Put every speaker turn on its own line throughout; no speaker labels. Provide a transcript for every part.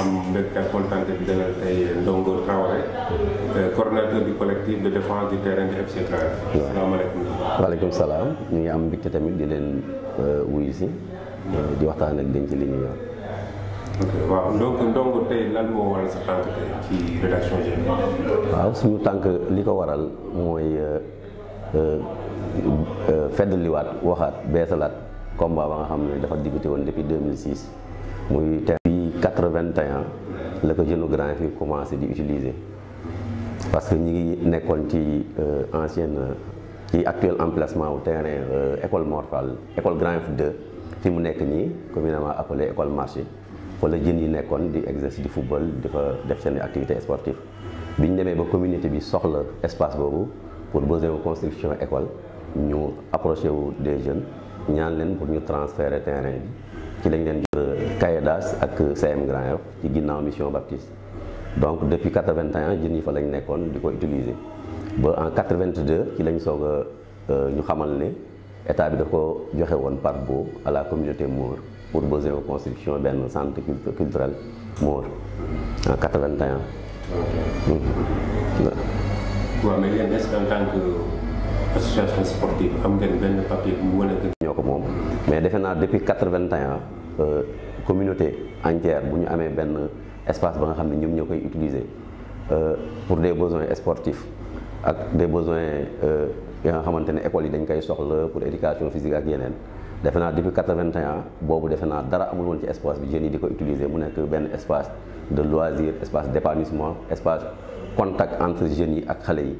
am mbégte ak kontante bi dalal euh,
waaw salaam ñu ngi am mbégte tamit di leen euh, wuyu euh, waxtaan ak denc ci
rédaction GMD.
waaw suñu tànk li ko waral mooy feddaliwaat waxaat beesalaat combat ba nga xam ne dafa diggante woon depuis 2006 muy. 81 ans le jeune Grand commencé à parce que nous avons un ancienne actuel emplacement au terrain euh, école Morphal école Grand 2 fi mu communément appelé école marché pour la jën yi di exercice de football di fa def sportives. activité sportive bi communauté bi soxla espace pour construire construction école ñu approché des jeunes ñaan pour ñu transférer terrain ci lañ leen jël euh, Kayedas ak euh, CM Grand Yoff ci ginnaaw mission baptiste donc depuis 81 jën yi fa lañu nekkoon di ko utiliser ba en 82 ci lañ soog a euh, ñu xamal ne état bi daf ko joxe woon par bo à la communauté Maure pour besoin de construction benn centre culturel Maure en 81. ok.
waaw mmh. mais yéen est-ce que association sportive am ngeen benn papier bu mu wane. ñoo ko moom
mais defe naa depuis quatre-vingt-un euh, communauté entière bu ñu amee benn espace ba nga xam ne ñoom ñoo koy utiliser euh, pour des besoins sportifs ak des besoins euh, yi nga xamante ne école yi dañ koy soxla pour éducation physique ak yeneen. defe naa depuis quatre-vingt-un boobu defe naa dara amul woon ci espace bi jeunes yi di ko utiliser mu nekk benn espace de loisir espace d'épanouissement espace contact entre jeunes yi ak xale yi.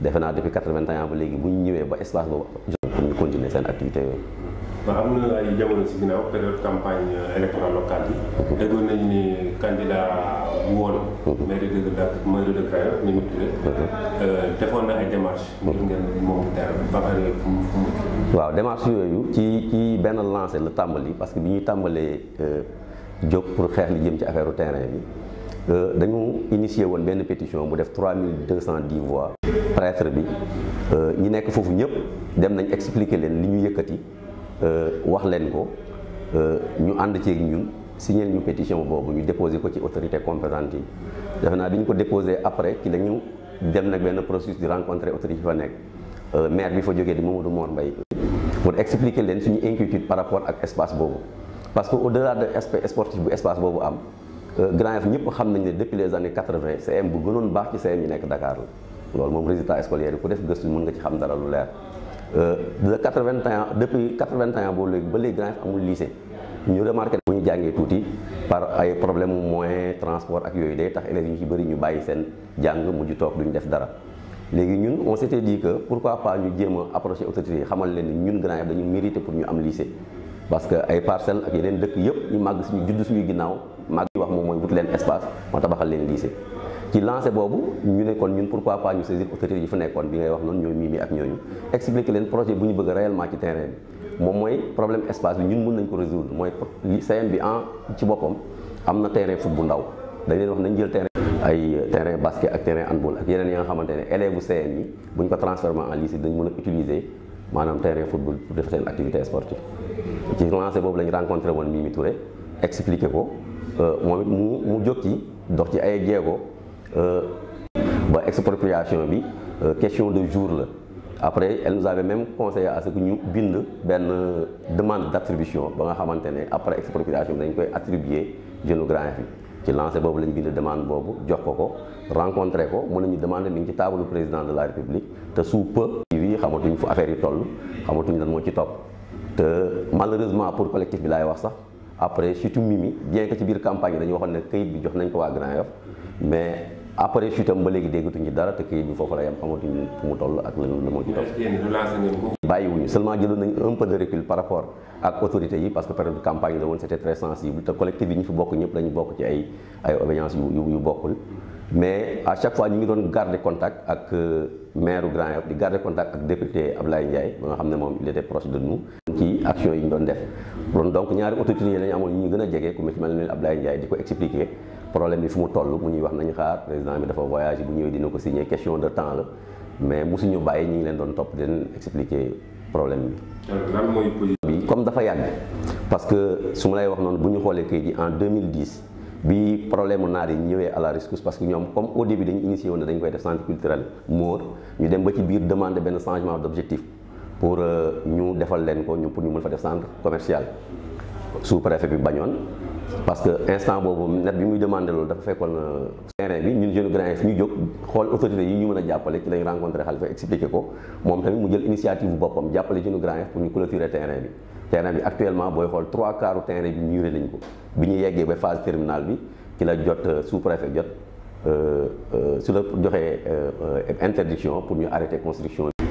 def naa depuis quatre vingt ans ba léegi bu ñu ñëwee ba espace boobu pour ñu continuer seen activité yooyu.
waaw am na ay jamono si ginnaaw période campagne électoral locale ni candidat bu woon. mairie de Dakar mairie de Kayo ni mu tuddee. defoon na ay démarches. ngir ngeen moom terre ba pare fu mu fu
mu. waaw démarche yooyu ci ci benn lancé la tàmbali parce que bi ñuy tàmbalee jóg pour xeex Euh, dañu initié woon benn pétition bu def mille 3210 voix prêtre bi euh, ñi nekk foofu ñëpp dem nañ expliquer leen li ñu yëkkati euh, wax leen ko ñu ànd ceeg ñun signé ñu pétition boobu ñu déposé ko ci autorité compétente yi defe naa bi ñu ko déposé après ki la ñu dem nag benn processus di rencontrer autorité fa nekk maire bi fa jógee di Mamadou Mor Mbaye pour expliquer leen suñu inquiétude par rapport ak espace boobu parce que au delà de espace boobu am Euh, Grand Yoff ñëpp xam nañ ne depuis les années 80 CM bu gënoon baax ci CM yi nekk Dakar la loolu moom résultat scolaire yi ku def gëstu mën nga ci xam dara lu leer euh, de 81 depuis 81 boo léegi ba léegi Grand Yoff amul lycée ñu remarqué bu ñu jàngee tuuti par ay problème moyen transport ak yooyu day tax élèves yi ñu ci bëri ñu bàyyi seen jàng mujj toog duñ def dara léegi ñun on s'était dit que pourquoi pas ñu jéem a approché yi xamal leen ni ñun Grand Yoff dañu mérité pour ñu am lycée parce que ay parcelles ak yeneen dëkk yëpp ñu màgg suñu judd suñu ginnaaw wut leen espace ma tabaxal leen lycée ci lancé boobu ñu ne kon ñun pourquoi pas ñu saisir autorités yi fa nekkoon bi ngay wax noonu ñooy mimi ak ñooñu expliquer leen projet bu bëgg réellement ci terrain bi moom problème espace bi ñun mën ko résoudre mooy CM bi en ci boppam am na terrain foot bu ndaw dañ leen wax nañ jël terrain ay terrain basket ak terrain handball ak yeneen yi nga xamante ne élèves bu CM yi bu ñu ko transformé en lycée dañ mën a utiliser maanaam terrain football pour def seen activité sportive ci lancé boobu lañ rencontré woon Mimi Touré expliqué ko euh, moom mu mu dox ci ay euh, ba expropriation bi euh, question de jour là. après elle nous avait même conseillé à ce que ñu bind ben demande d'attribution ba nga xamante après expropriation dañ koy attribuer jeune grand fi ci lancé bobu lañ bind demande bobu jox ko ko rencontrer ko mën nañu demander ni ci table président de la république te sous peu yi xamatuñ fu affaire yi tollu xamatuñ lan mo ci top. te malheureusement pour collectif bi lay wax sax après chute Mimi bien que ci biir campagne dañu waxoon ne kayit bi jox nañ ko waa Grand Yoff mais après chute am ba léegi déggatuñu dara te kayit bi foofu la yam xamatuñu fu mu toll ak lan la moo ci toll bàyyiwuñu seulement jëloon nañ par rapport ak autorités yi parce campagne la woon ñu fi bokk ñëpp dañu bokk ci ay ay obédience yu bokkul mais à chaque fois ñu ngi doon garder contact ak euh, maire Grand Yoff di garder contact ak député Ablaye njaay ba nga xam ne moom il était de nous ci action yi ñu doon def kon donc ñaari autorités yi lañu amoon ñu gën a jege ku mel ne Abdoulaye Ndiaye di ko expliquer problème bi fu mu toll mu ñuy wax nañu xaar président bi dafa voyagé bu ñëwee dina ko signé question de temps la mais mosuñu bàyyi ñu leen doon topp di leen expliquer problème bi. comme dafa yàgg parce que su ma lay wax noonu bu ñu xoolee kayit yi en 2010 bi problème naar yi ñëwee à la rescousse parce que ñoom comme au début dañu initié woon ne dañu koy def centre demande benn changement d' pour euh, ñu defal leen ko ñu pour ñu mën fa commercial sous préfet bi bañoon parce que instant boobu net bi muy demandé loolu dafa fekkoon euh, terrain bi ñun jeune grand ñu jóg xool autorités yi ñu mën a jàppale ci lañ rencontré Khalifa expliqué ko moom tamit mu jël initiative bu boppam jàppale jeune grand pour ñu clôturer terrain bi terrain ko bi ñu yeggee ba phase terminale bi ci la jot euh, sous préfet jot su la joxee interdiction pour ñu arrêter construction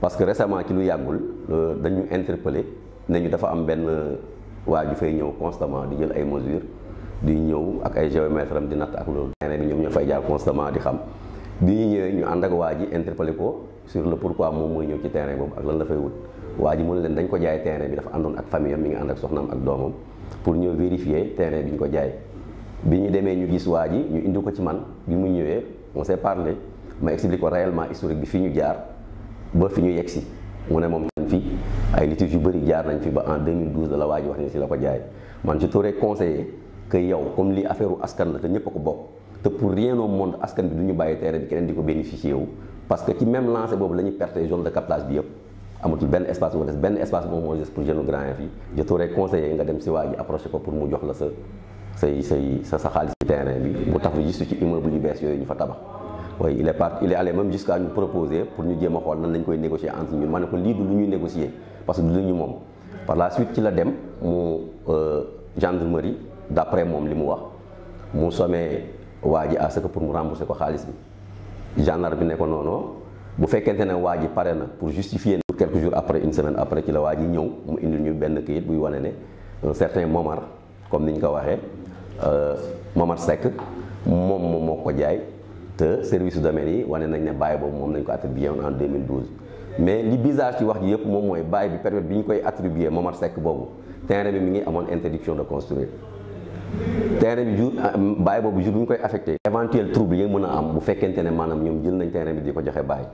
parce que récemment ci lu yàggul euh, dañu interpellé ne ñu dafa am benn euh, waa ju fay ñëw constamment di jël ay mesures di ñëw ak ay géomètre di natt ak loolu. teree bi ñoom ñoo fay jaar constamment di xam bi ñu ñëwee ñu ànd ak waa ji interpellé ko sur le pourquoi moom mooy ñëw ci terrain boobu ak lan dafay fay wut. waa ji mu leen dañ ko jaay terrain bi dafa àndoon ak famille am mi ngi ànd ak soxnaam ak doomam pour ñëw vérifier terrain bi ñu ko jaay bi ñu demee ñu gis waa ji ñu indi ko ci man bi mu ñëwee on s'est parlé ma expliqué ko réellement historique bi fii ñu jaar. ba fi ñu yegg si mu ne moom tan fi ay litiges yu bëri jaar nañ fi ba en 2012 la waa ji wax ni si la ko jaay man je t'aurais conseillé que comme lii affaire askan la te ñëpp a ko bokk te pour monde askan bi du ñu bàyyi terrain bi keneen di ko bénéficier wu parce que ci même lancé boobu la ñuy perte zone de captage bi yëpp amatul benn espace moo des benn espace moom moo des pour jeune grand yi je t'aurais conseillé si waa ji approché ko pour mu jox la sa say say sa tax yu bees yooyu ñu fa tabax oui il est parti il est allé même jusqu'à nous proposer pour nous dire a xool nan lañ négocier entre ñun ma ne ko lii du ñuy négocier parce que nous sommes. par la suite ci la dem mu euh, gendarmerie d'après moom li m'a wax mu sommee waa à pour nous rembourser ko xaalis bi gendarme bi ne non, noonu bu fekkente ne waa ji pour justifier quelques jours après une semaine après ci a dit ji ñëw mu indil ñu benn këyit buy un certain Momar comme nous l'avons dit, waxee euh, Momar Seck moom moom te service su domaine on a nañ ne bail boobu moom nañ ko attribué en 2012 mais li bizarre ci wax ji yëpp moom mooy bail bi période bi ñu koy attribué Momar Seck boobu terrain bi mi ngi amoon interdiction de construire terrain bi euh, baye bobu boobu jour bi koy affecté éventuel trouble yé mën am bu fekkente ne manam ñom jël nañ terrain bi diko joxé baye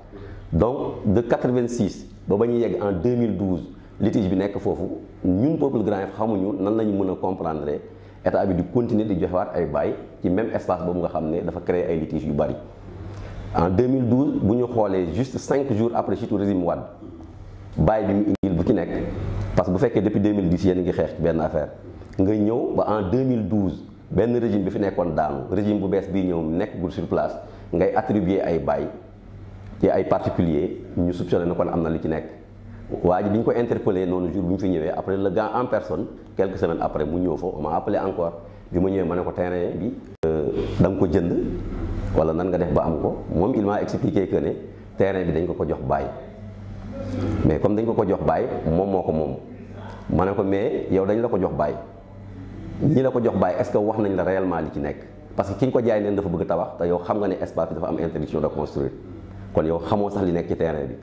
donc de 86 ba ba ñuy yegg en 2012 litige bi nek fofu ñun peuple Grand Yoff xamuñu nan lañ mën comprendre état bi di continuer di joxewaat ay bay ci même espace boobu nga xamné dafa créer ay litiges yu bari en 2012 buñu xolé juste cinq jours après surtout régime wad, bail bi mu indil bu ci nek parce que bu fekké depuis 2010 yéen ngi xeex ben affaire nga ñëw ba en 2012 ben régime bi fi nekkoon daanu régime bu bees bi ñëw nek gul sur place ngay attribuer ay bay ci ay particulier ñu soupçonné na kon amna li ci nek waa ji bi ñu ko interpellé noonu jour bi ñu fi ñëwee après le gars en person quelques semaines après mu ñëw foofu ma appelé encore bi ma ñëwee ma ne ko terrain bi euh, da nga ko jënd wala nan nga def ba am ko moom il m'a expliqué que ne terrain bi dañ ko ko jox bàyyi mais comme dañ ko ko jox bàyyi moom moo ko moom ma ne ko mais yow dañ la ko jox bàyyi ñii la ko jox bàyyi est-ce que wax nañ la réellement li ci nekk parce que ki ñu ko jaay neen dafa bëgg tabax te yow xam nga ne espace bi dafa am interdiction de kon yow xamoo sax li nekk ci terrain bi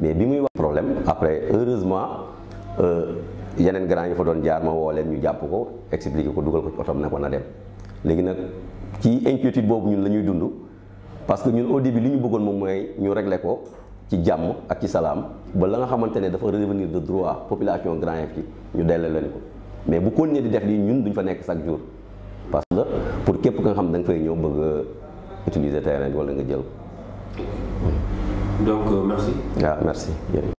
mais bi muy wax problème après heureusement euh, yeneen grand yi fa doon jaar ma woo leen ñu jàpp ko expliqué ko dugal ko ci otom ne ko na dem léegi nag ci inquiétude boobu ñun la ñuy dund parce que ñun au début li ñu bëggoon moom mooy ñu régler ko ci jàmm ak ci salaam ba la nga xamante ne dafa revenir de droit population grand Yoff ci ñu delloo leen ko mais bu continuer di def lii ñun duñ fa nekk chaque jour parce que pour képp ka nga xam da fay ñëw bëgg a utiliser terrain wala nga jël
donc euh, merci.
waaw ah, merci.